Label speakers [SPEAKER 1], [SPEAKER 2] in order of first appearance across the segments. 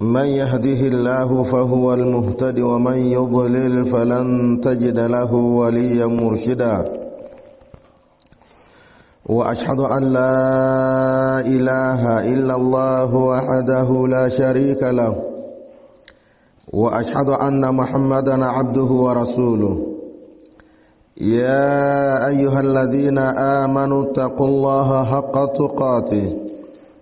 [SPEAKER 1] من يهده الله فهو المهتد ومن يضلل فلن تجد له وليا مرشدا واشهد ان لا اله الا الله وحده لا شريك له واشهد ان محمدا عبده ورسوله يا ايها الذين امنوا اتقوا الله حق تقاته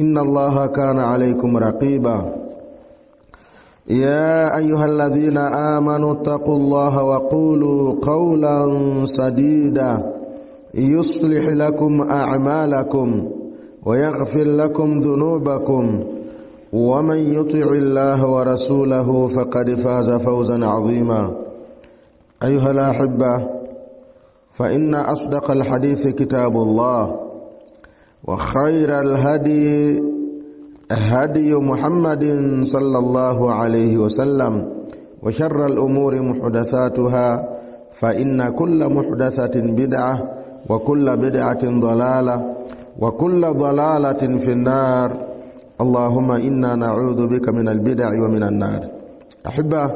[SPEAKER 1] إن الله كان عليكم رقيبا يا أيها الذين آمنوا اتقوا الله وقولوا قولا سديدا يصلح لكم أعمالكم ويغفر لكم ذنوبكم ومن يطع الله ورسوله فقد فاز فوزا عظيما أيها الأحبة فإن أصدق الحديث كتاب الله وخير الهدي هدي محمد صلى الله عليه وسلم وشر الأمور محدثاتها فإن كل محدثة بدعة وكل بدعة ضلالة وكل ضلالة في النار اللهم إنا نعوذ بك من البدع ومن النار أحبة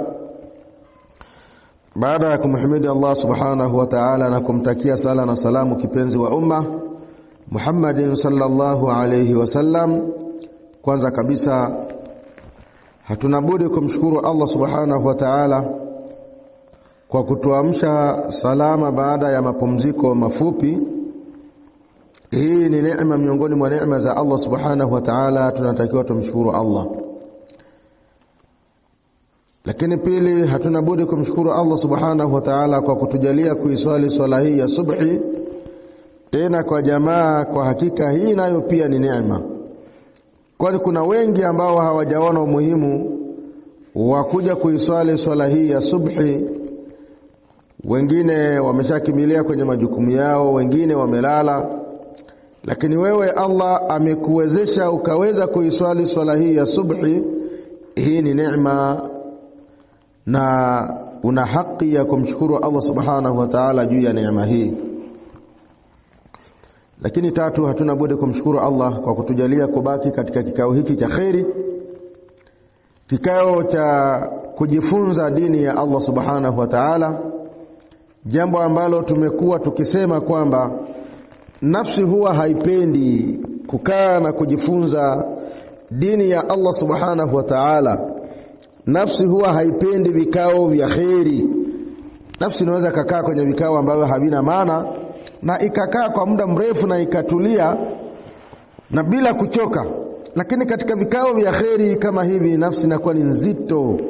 [SPEAKER 1] بعدكم حمد الله سبحانه وتعالى wa ta'ala na kumtakia sala na salamu Muhammadin sallallahu alayhi wasallam. Kwanza kabisa hatuna budi kumshukuru Allah subhanahu wa ta'ala kwa kutuamsha salama baada ya mapumziko mafupi. Hii ni neema miongoni mwa neema za Allah subhanahu wa ta'ala, tunatakiwa tumshukuru Allah. Lakini pili, hatuna budi kumshukuru Allah subhanahu wa ta'ala kwa kutujalia kuiswali swala hii ya subhi tena kwa jamaa. Kwa hakika hii nayo pia ni neema, kwani kuna wengi ambao hawajaona umuhimu wa kuja kuiswali swala hii ya subhi. Wengine wameshakimilia kwenye majukumu yao, wengine wamelala, lakini wewe Allah amekuwezesha ukaweza kuiswali swala hii ya subhi. Hii ni neema na una haki ya kumshukuru Allah subhanahu wa ta'ala juu ya neema hii. Lakini tatu, hatuna budi kumshukuru Allah kwa kutujalia kubaki katika kikao hiki cha kheri, kikao cha kujifunza dini ya Allah subhanahu wa ta'ala, jambo ambalo tumekuwa tukisema kwamba nafsi huwa haipendi kukaa na kujifunza dini ya Allah subhanahu wa ta'ala. Nafsi huwa haipendi vikao vya kheri. Nafsi inaweza kakaa kwenye vikao ambavyo havina maana na ikakaa kwa muda mrefu na ikatulia na bila kuchoka. Lakini katika vikao vya kheri kama hivi, nafsi inakuwa ni nzito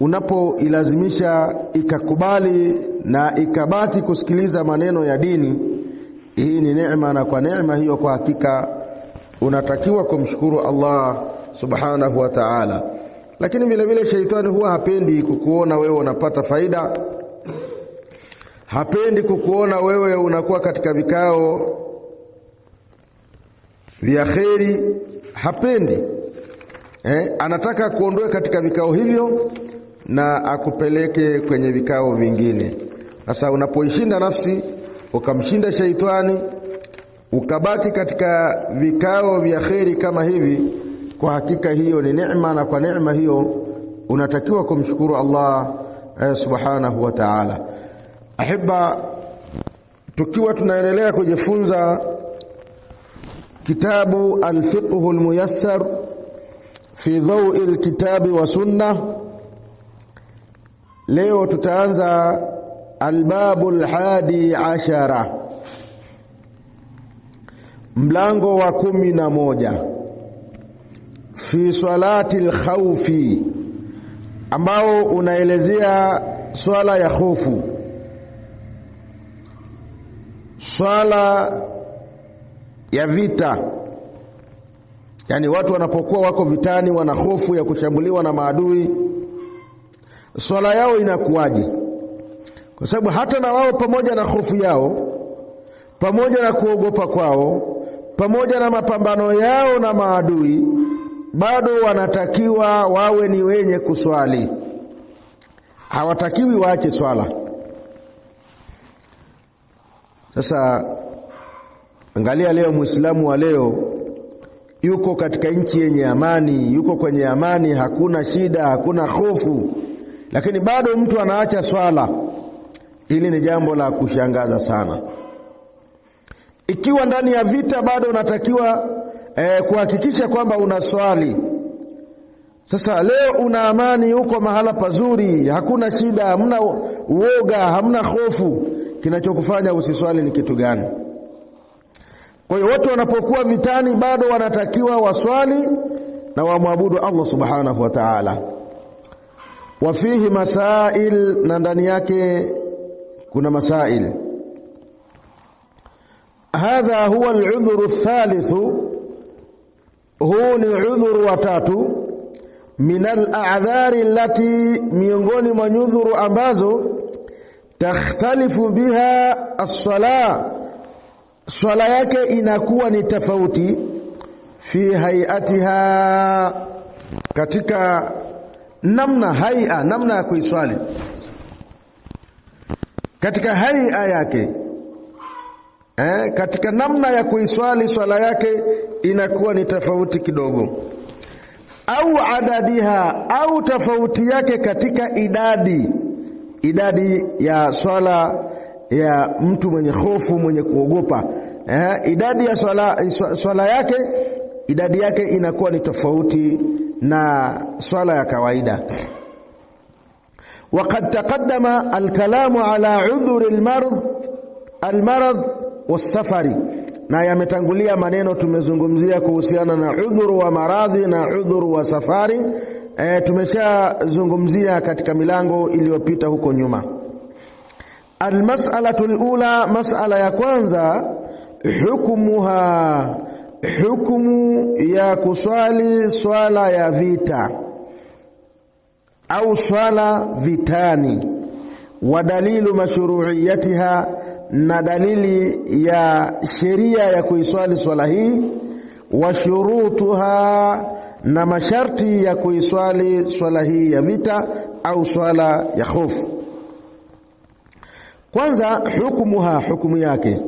[SPEAKER 1] unapoilazimisha ikakubali na ikabaki kusikiliza maneno ya dini. Hii ni neema, na kwa neema hiyo kwa hakika unatakiwa kumshukuru Allah subhanahu wa ta'ala. Lakini vilevile sheitani huwa hapendi kukuona wewe unapata faida hapendi kukuona wewe unakuwa katika vikao vya kheri, hapendi eh, anataka kuondoe katika vikao hivyo na akupeleke kwenye vikao vingine. Sasa unapoishinda nafsi ukamshinda sheitani ukabaki katika vikao vya kheri kama hivi, kwa hakika hiyo ni neema, na kwa neema hiyo unatakiwa kumshukuru Allah eh, subhanahu wa ta'ala. Ahibba, tukiwa tunaendelea kujifunza kitabu Alfiqhu Lmuyassar fi dhaui lkitabi wa sunna. Leo tutaanza albabu lhadi ashara, mlango wa kumi na moja fi salati lkhaufi, ambao unaelezea swala ya khofu swala ya vita, yaani watu wanapokuwa wako vitani, wana hofu ya kushambuliwa na maadui, swala yao inakuwaje? Kwa sababu hata na wao pamoja na hofu yao, pamoja na kuogopa kwao, pamoja na mapambano yao na maadui, bado wanatakiwa wawe ni wenye kuswali, hawatakiwi waache swala sasa angalia leo Muislamu wa leo yuko katika nchi yenye amani, yuko kwenye amani, hakuna shida, hakuna hofu, lakini bado mtu anaacha swala. Hili ni jambo la kushangaza sana. Ikiwa ndani ya vita bado unatakiwa eh, kuhakikisha kwamba unaswali sasa leo una amani, uko mahala pazuri, hakuna shida, hamna uoga, hamna hofu. Kinachokufanya usiswali ni kitu gani? Kwa hiyo watu wanapokuwa vitani bado wanatakiwa waswali na wamwabudu Allah subhanahu wa ta'ala. Wa fihi masail, na ndani yake kuna masail. Hadha huwa al-udhuru thalith, huu ni udhuru wa tatu al a'dhari allati, miongoni mwa nyudhuru ambazo takhtalifu biha as-sala, swala yake inakuwa ni tofauti fi hayatiha, katika namna haia, namna ya kuiswali katika haia yake eh, katika namna ya kuiswali swala yake inakuwa ni tofauti kidogo au adadiha au tofauti yake katika idadi, idadi ya swala ya mtu mwenye hofu mwenye kuogopa eh, idadi ya swala, swala yake idadi yake inakuwa ni tofauti na swala ya kawaida. Waqad taqaddama alkalamu ala udhuri almarad almarad wasafari na yametangulia maneno tumezungumzia kuhusiana na udhuru wa maradhi na udhuru wa safari e, tumeshazungumzia katika milango iliyopita huko nyuma. Almas'alatu lula, mas'ala ya kwanza, hukumuha, hukumu ya kuswali swala ya vita au swala vitani, wa dalilu mashruiyatiha na dalili ya sheria ya kuiswali swala hii, wa shurutuha, na masharti ya kuiswali swala hii ya vita au swala ya hofu. Kwanza, hukumuha, hukumu yake.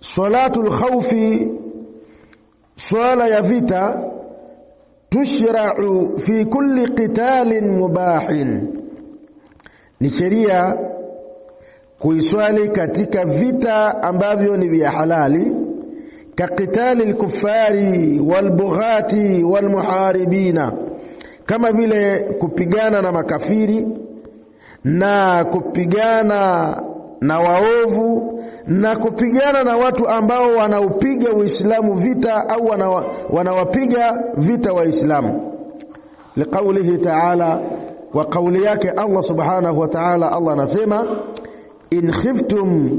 [SPEAKER 1] Salatul khawfi, swala ya vita, tushrau fi kulli qitalin mubahin, ni sheria kuiswali katika vita ambavyo ni vya halali kaqitali lkufari walbughati walmuharibina, kama vile kupigana na makafiri na kupigana na waovu na kupigana na watu ambao wanaupiga Uislamu vita au wanawapiga vita Waislamu. Liqaulihi taala, wa kauli yake Allah subhanahu wa taala, Allah anasema in khiftum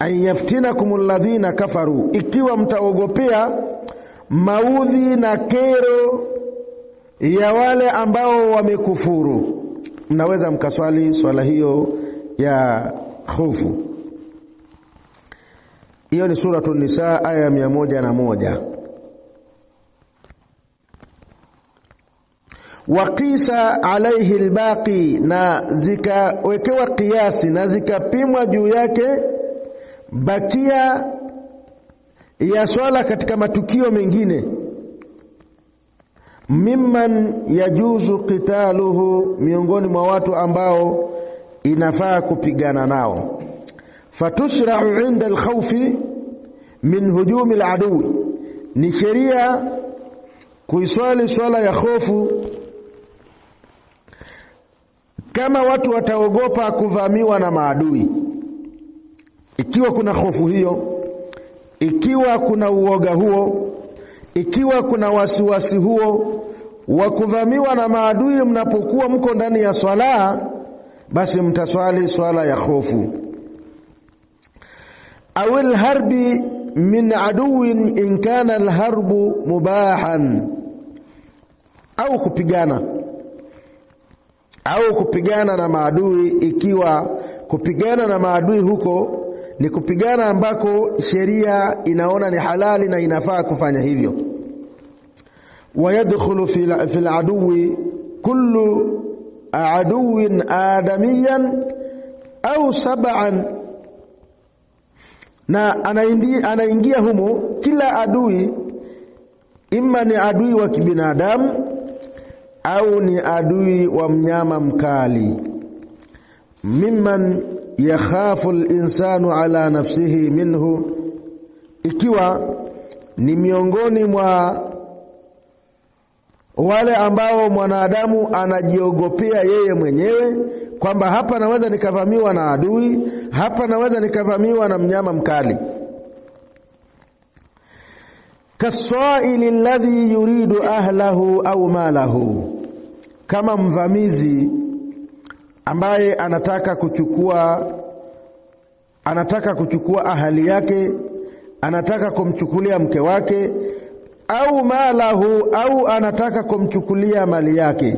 [SPEAKER 1] an yaftinakum alladhina kafaru, ikiwa mtaogopea maudhi na kero ya wale ambao wamekufuru, mnaweza mkaswali swala hiyo ya khofu Hiyo ni Suratu nisaa aya ya mia moja na moja. waqisa alaihi lbaqi, na zikawekewa kiasi na zikapimwa juu yake bakia ya swala katika matukio mengine mimman yajuzu qitaluhu, miongoni mwa watu ambao inafaa kupigana nao. Fatushrau inda alkhawfi min hujumi aladui, ni sheria kuiswali swala ya hofu kama watu wataogopa kuvamiwa na maadui, ikiwa kuna hofu hiyo, ikiwa kuna uoga huo, ikiwa kuna wasiwasi huo wa kuvamiwa na maadui mnapokuwa mko ndani ya swala, basi mtaswali swala ya hofu. Awil harbi min aduwin in kana alharbu mubahan, au kupigana au kupigana na maadui, ikiwa kupigana na maadui huko ni kupigana ambako sheria inaona ni halali na inafaa kufanya hivyo. Wayadkhulu fi laduwi kullu aduwin adamiyan au sab'an, na anaingia humo kila adui, imma ni adui wa kibinadamu au ni adui wa mnyama mkali. Mimman yakhafu linsanu ala nafsihi minhu, ikiwa ni miongoni mwa wale ambao mwanadamu anajiogopea yeye mwenyewe kwamba hapa naweza nikavamiwa na adui, hapa naweza nikavamiwa na mnyama mkali kasaili alladhi yuridu ahlahu au malahu, kama mvamizi ambaye anataka kuchukua anataka kuchukua ahali yake, anataka kumchukulia mke wake au malahu, au anataka kumchukulia mali yake.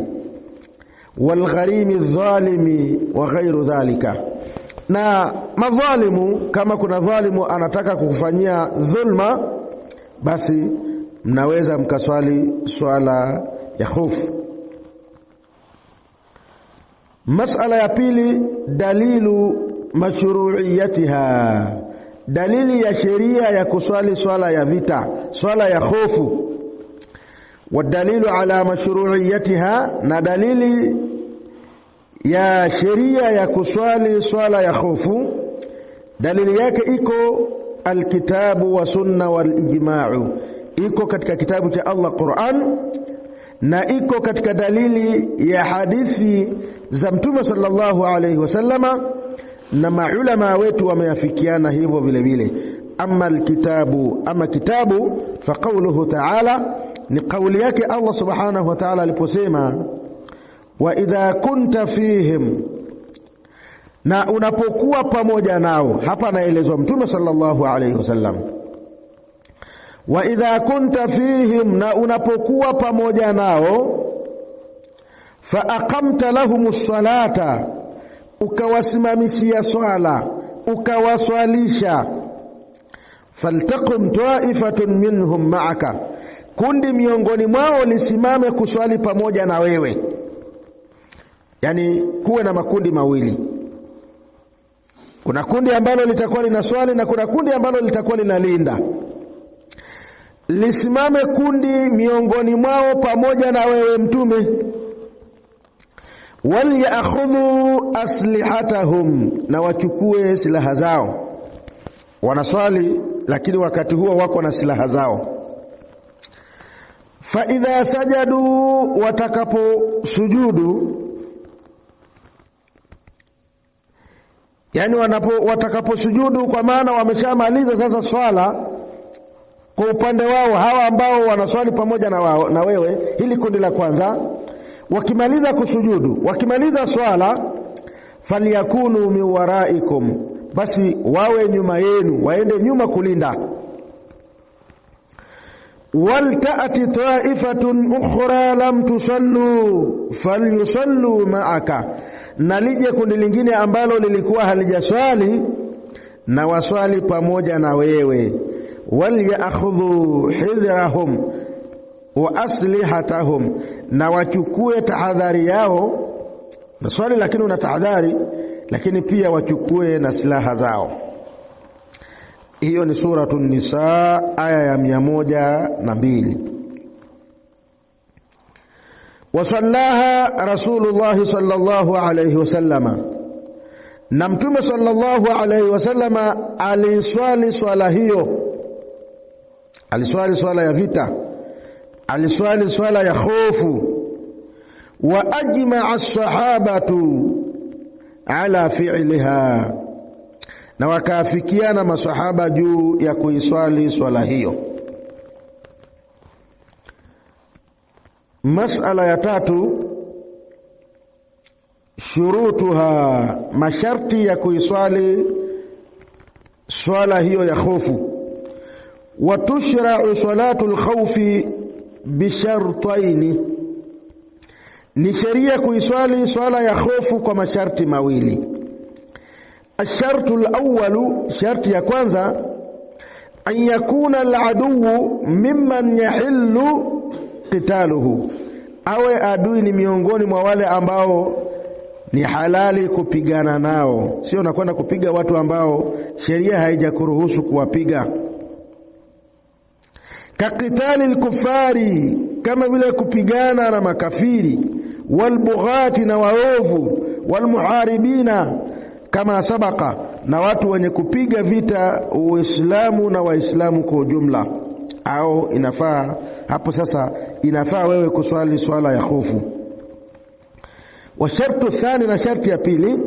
[SPEAKER 1] Walgharimi dhalimi wa ghairu dhalika, na madhalimu, kama kuna dhalimu anataka kukufanyia dhulma basi mnaweza mkaswali swala ya hofu. Masala ya pili, dalilu mashruiyatiha, dalili ya sheria ya kuswali swala ya vita, swala ya hofu. Wadalilu ala mashruiyatiha, na dalili ya sheria ya kuswali swala ya hofu, dalili yake iko alkitabu wa sunna wal iko katika kitabu cha Allah Qur'an, na iko katika dalili ya hadithi za Mtume sallallahu alaihi wasallama, na maulama wetu wameafikiana hivyo vile vile. Ama alkitabu, ama kitabu, fa qawluhu ta'ala, ni kauli yake Allah subhanahu wa ta'ala aliposema, wa idha kunta fihim na unapokuwa pamoja nao. Hapa anaelezwa Mtume sallallahu alaihi wasallam, wa idha kunta fihim, na unapokuwa pamoja nao, fa aqamta lahum salata, ukawasimamishia swala, ukawaswalisha, faltaqum taifatun minhum maaka, kundi miongoni mwao lisimame kuswali pamoja na wewe, yani kuwe na makundi mawili kuna kundi ambalo litakuwa lina swali na kuna kundi ambalo litakuwa linalinda. Lisimame kundi miongoni mwao pamoja na wewe Mtume, walyakhudhu aslihatahum, na wachukue silaha zao. Wanaswali lakini wakati huo wako na silaha zao. Fa idha sajadu, watakaposujudu yani wanapo watakaposujudu, kwa maana wameshamaliza sasa swala kwa upande wao, hawa ambao wanaswali pamoja na wao na wewe, hili kundi la kwanza, wakimaliza kusujudu, wakimaliza swala, falyakunu miwaraikum basi wawe nyuma yenu, waende nyuma kulinda waltati taifatun ukhra lam tusallu falyusallu ma'aka, na lije kundi lingine ambalo lilikuwa halijaswali na waswali pamoja na wewe. Walyakhudhu hidhrahum wa aslihatahum, na wachukue tahadhari yao na swali, lakini una tahadhari, lakini pia wachukue na silaha zao hiyo ni suratu nisa aya ya mia moja na mbili. Wasallaha Rasulullahi sallallahu alayhi wasallama, na Mtume sallallahu alayhi wasallama aliswali swala hiyo, aliswali swala ya vita, aliswali swala ya hofu. Wa ajmaa sahabatu ala fi'liha na wakaafikiana masahaba juu ya kuiswali swala hiyo. Masala ya tatu, shurutuha, masharti ya kuiswali swala hiyo ya khofu. Wa salatu lkhaufi bishartaini, ni sheria kuiswali swala ya khofu kwa masharti mawili Ashartu lawalu sharti ya kwanza, an yakuna aladuwu mimman yahillu qitaluhu, awe adui ni miongoni mwa wale ambao ni halali kupigana nao, sio nakwenda kupiga watu ambao sheria haijakuruhusu kuwapiga. Kaqitali lkufari, kama vile kupigana na makafiri, walbughati na waovu, walmuharibina kama sabaka na watu wenye kupiga vita Uislamu na Waislamu kwa ujumla. Au inafaa hapo sasa, inafaa wewe kuswali swala ya hofu. Wa shartu thani, na sharti ya pili,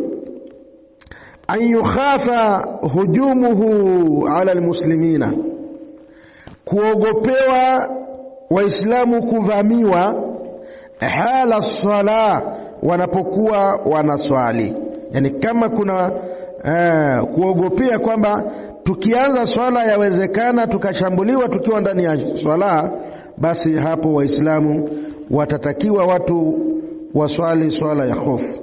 [SPEAKER 1] an yukhafa hujumuhu ala almuslimina, kuogopewa Waislamu kuvamiwa, hala sala, wanapokuwa wanaswali yani kama kuna eh, kuogopea kwamba tukianza swala yawezekana tukashambuliwa tukiwa ndani ya swala, basi hapo Waislamu watatakiwa watu waswali swala ya hofu.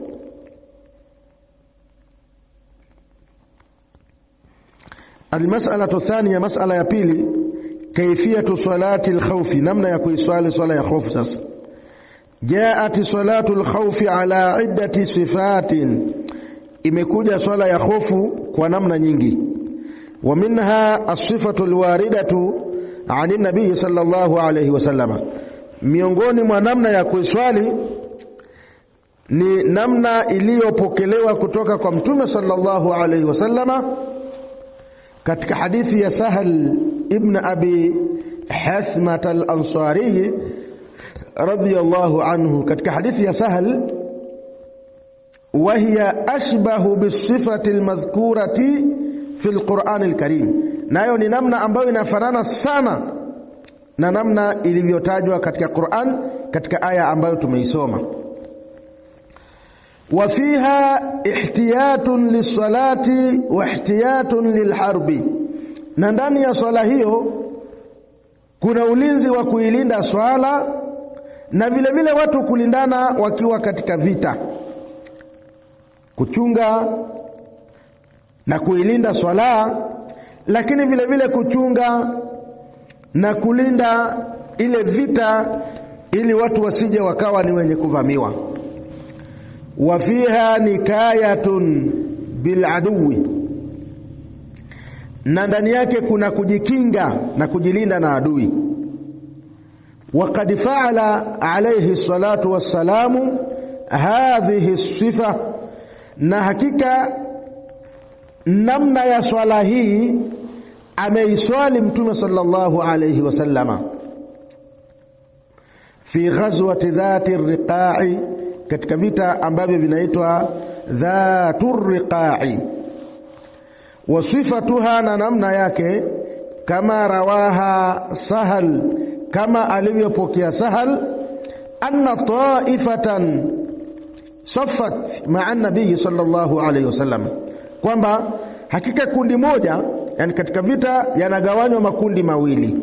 [SPEAKER 1] Almas'alatu thaniya, mas'ala ya pili, kaifiyatu salati alkhawfi, namna ya kuiswali swala ya hofu. Sasa jaat salatu alkhawfi ala iddati sifatin imekuja swala ya hofu kwa namna nyingi, wa minha asifatu alwaridatu ani nabii sallallahu alayhi wasallama, miongoni mwa namna ya kuiswali ni namna iliyopokelewa kutoka kwa mtume sallallahu alayhi wasallama katika hadithi ya Sahal ibn Abi Hathmata al-Ansari radiyallahu anhu, katika hadithi ya Sahal wa hiya ashbahu bisifati almadhkurati fi alquran alkarim, nayo ni namna ambayo inafanana sana na namna ilivyotajwa katika Qur'an katika aya ambayo tumeisoma. Wa fiha ihtiyatun lisalati wa ihtiyatun lilharbi, na ndani ya swala hiyo kuna ulinzi wa kuilinda swala na vile vile watu kulindana wakiwa katika vita kuchunga na kuilinda swala, lakini vile vile kuchunga na kulinda ile vita, ili watu wasije wakawa ni wenye kuvamiwa. Wa fiha nikayatun bil na ndani yake kuna kujikinga na kujilinda na adui. wakad faala alayhi salatu wassalamu hadhihi sifa na hakika namna ya swala hii ameiswali Mtume sallallahu alayhi wasallama fi ghazwati dhati riqai, katika vita ambavyo vinaitwa dhatu riqai, wa sifatuha, na namna yake, kama rawaha Sahal, kama alivyopokea Sahal, anna taifatan safat maa nabii sallallahu alaihi wasallam, kwamba hakika kundi moja, yani katika vita yanagawanywa makundi mawili.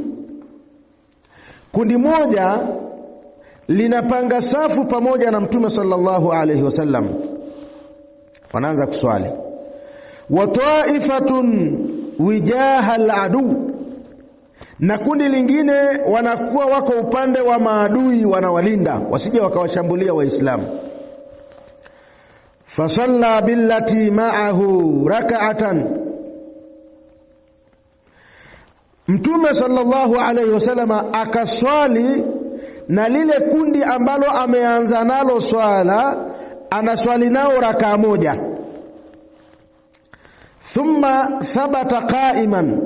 [SPEAKER 1] Kundi moja linapanga safu pamoja na mtume sallallahu alaihi wasallam, wanaanza kuswali. wa taifatun wijaha aladu, na kundi lingine wanakuwa wako upande wa maadui, wanawalinda wasije wakawashambulia Waislamu. فصلى بالتي معه rakatan Mtume sallallahu alaihi wasallam akaswali na lile kundi ambalo ameanza nalo swala, anaswali nao rakaa moja. Thumma thabata qaiman,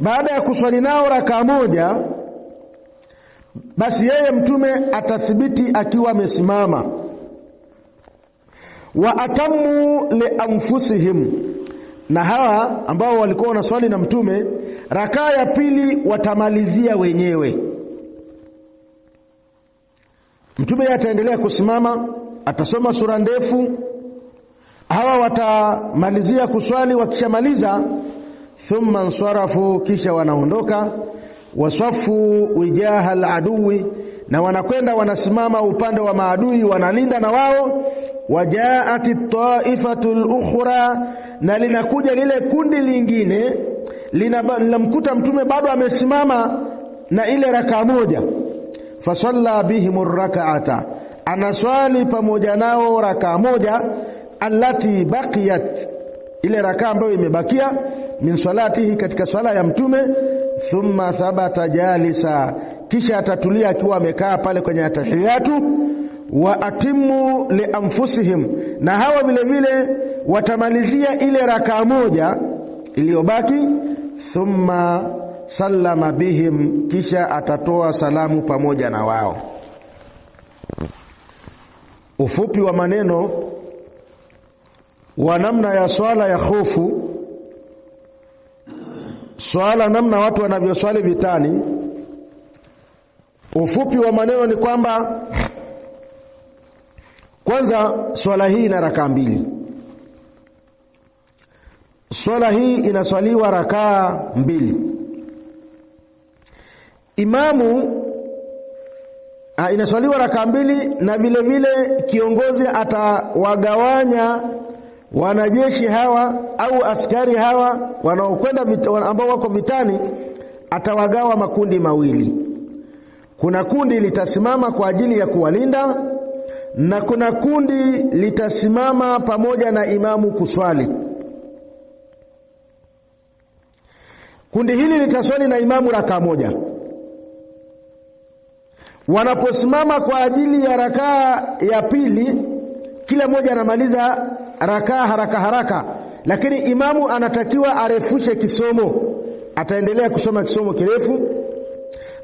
[SPEAKER 1] baada ya kuswali nao rakaa moja, basi yeye mtume atathibiti akiwa amesimama wa atammu li anfusihim, na hawa ambao walikuwa wanaswali na Mtume rakaa ya pili watamalizia wenyewe. Mtume ataendelea kusimama, atasoma sura ndefu, hawa watamalizia kuswali. Wakishamaliza thumma nsarafu, kisha wanaondoka. waswafu wijaha aladuwi na wanakwenda wanasimama upande wa maadui wanalinda na wao wajaati taifatu lukhra na linakuja lile kundi lingine linamkuta mtume bado amesimama na ile rakaa moja fasalla bihim rakaata anaswali pamoja nao rakaa moja allati baqiyat ile rakaa ambayo imebakia min salatihi katika swala ya mtume thumma thabata jalisa, kisha atatulia akiwa amekaa pale kwenye atahiyatu. Wa atimmu li anfusihim, na hawa vile vile watamalizia ile rakaa moja iliyobaki. Thumma sallama bihim, kisha atatoa salamu pamoja na wao. Ufupi wa maneno wa namna ya swala ya khofu swala namna watu wanavyoswali vitani. Ufupi wa maneno ni kwamba kwanza, swala hii ina rakaa mbili. Swala hii inaswaliwa rakaa mbili. Imamu ah, inaswaliwa rakaa mbili, na vile vile kiongozi atawagawanya wanajeshi hawa au askari hawa wanaokwenda ambao wako vitani atawagawa makundi mawili. Kuna kundi litasimama kwa ajili ya kuwalinda na kuna kundi litasimama pamoja na imamu kuswali. Kundi hili litaswali na imamu rakaa moja. Wanaposimama kwa ajili ya rakaa ya pili kila mmoja anamaliza rakaa haraka haraka, lakini imamu anatakiwa arefushe kisomo, ataendelea kusoma kisomo kirefu.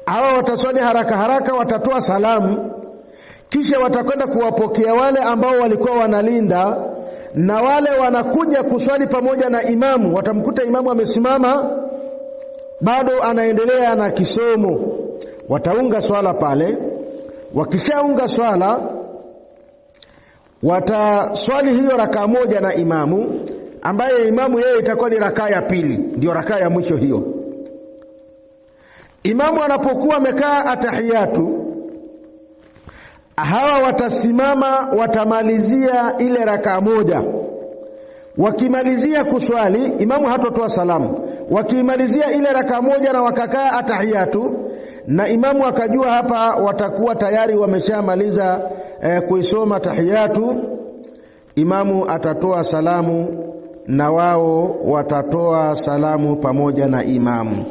[SPEAKER 1] Hawa wataswali haraka haraka, watatoa salamu, kisha watakwenda kuwapokea wale ambao walikuwa wanalinda, na wale wanakuja kuswali pamoja na imamu watamkuta imamu amesimama bado anaendelea na kisomo, wataunga swala pale. Wakishaunga swala wataswali hiyo rakaa moja na imamu, ambaye imamu yeye itakuwa ni rakaa ya pili, ndio rakaa ya mwisho hiyo. Imamu anapokuwa amekaa atahiyatu, hawa watasimama, watamalizia ile rakaa moja. Wakimalizia kuswali, imamu hatotoa salamu. Wakimalizia ile rakaa moja na wakakaa atahiyatu na imamu akajua hapa watakuwa tayari wameshamaliza e, kuisoma tahiyatu. Imamu atatoa salamu na wao watatoa salamu pamoja na imamu.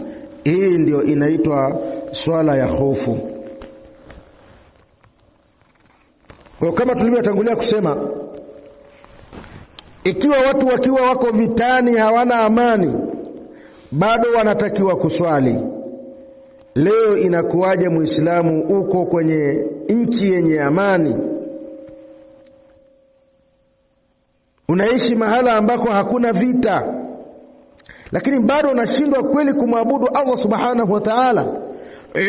[SPEAKER 1] Hii ndio inaitwa swala ya hofu. Kwa kama tulivyotangulia kusema, ikiwa watu wakiwa wako vitani hawana amani, bado wanatakiwa kuswali Leo inakuwaje Muislamu uko kwenye nchi yenye amani, unaishi mahala ambako hakuna vita, lakini bado unashindwa kweli kumwabudu Allah subhanahu wa ta'ala?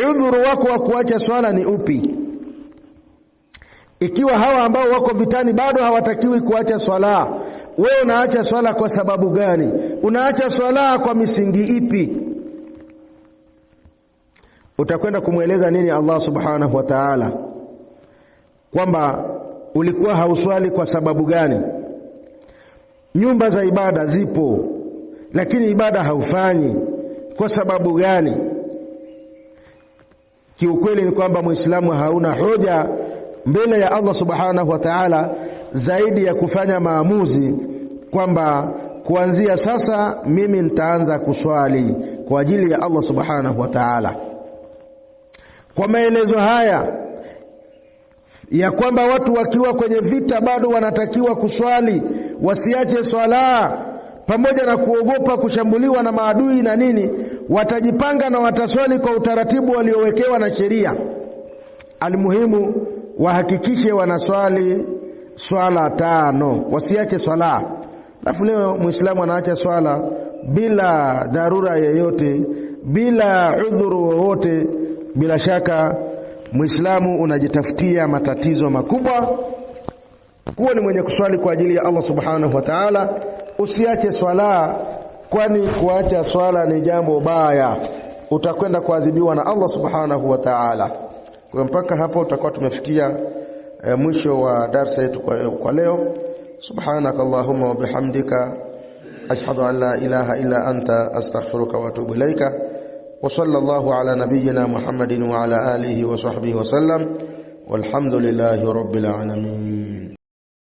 [SPEAKER 1] Udhuru wako wa kuacha swala ni upi? Ikiwa hawa ambao wako vitani bado hawatakiwi kuacha swala, wewe unaacha swala kwa sababu gani? Unaacha swala kwa misingi ipi? utakwenda kumweleza nini Allah subhanahu wa ta'ala, kwamba ulikuwa hauswali kwa sababu gani? Nyumba za ibada zipo, lakini ibada haufanyi kwa sababu gani? Kiukweli ni kwamba Muislamu hauna hoja mbele ya Allah subhanahu wa ta'ala zaidi ya kufanya maamuzi kwamba kuanzia sasa mimi nitaanza kuswali kwa ajili ya Allah subhanahu wa ta'ala. Kwa maelezo haya ya kwamba watu wakiwa kwenye vita bado wanatakiwa kuswali, wasiache swala pamoja na kuogopa kushambuliwa na maadui na nini, watajipanga na wataswali kwa utaratibu waliowekewa na sheria. Almuhimu wahakikishe wanaswali swala tano, wasiache swala. Alafu leo Muislamu anaacha swala bila dharura yeyote, bila udhuru wowote bila shaka Muislamu unajitafutia matatizo makubwa kuwa ni mwenye kuswali kwa ajili ya Allah subhanahu wa ta'ala. Usiache swala, kwani kuacha swala ni jambo baya, utakwenda kuadhibiwa na Allah subhanahu wa ta'ala. Kwa mpaka hapo tutakuwa tumefikia e, mwisho wa darsa yetu kwa, kwa leo. Subhanaka Allahumma wa bihamdika ashhadu an la ilaha illa anta astaghfiruka wa atubu ilaika. وصلى الله على نبينا محمد وعلى آله وصحبه وسلم والحمد لله رب العالمين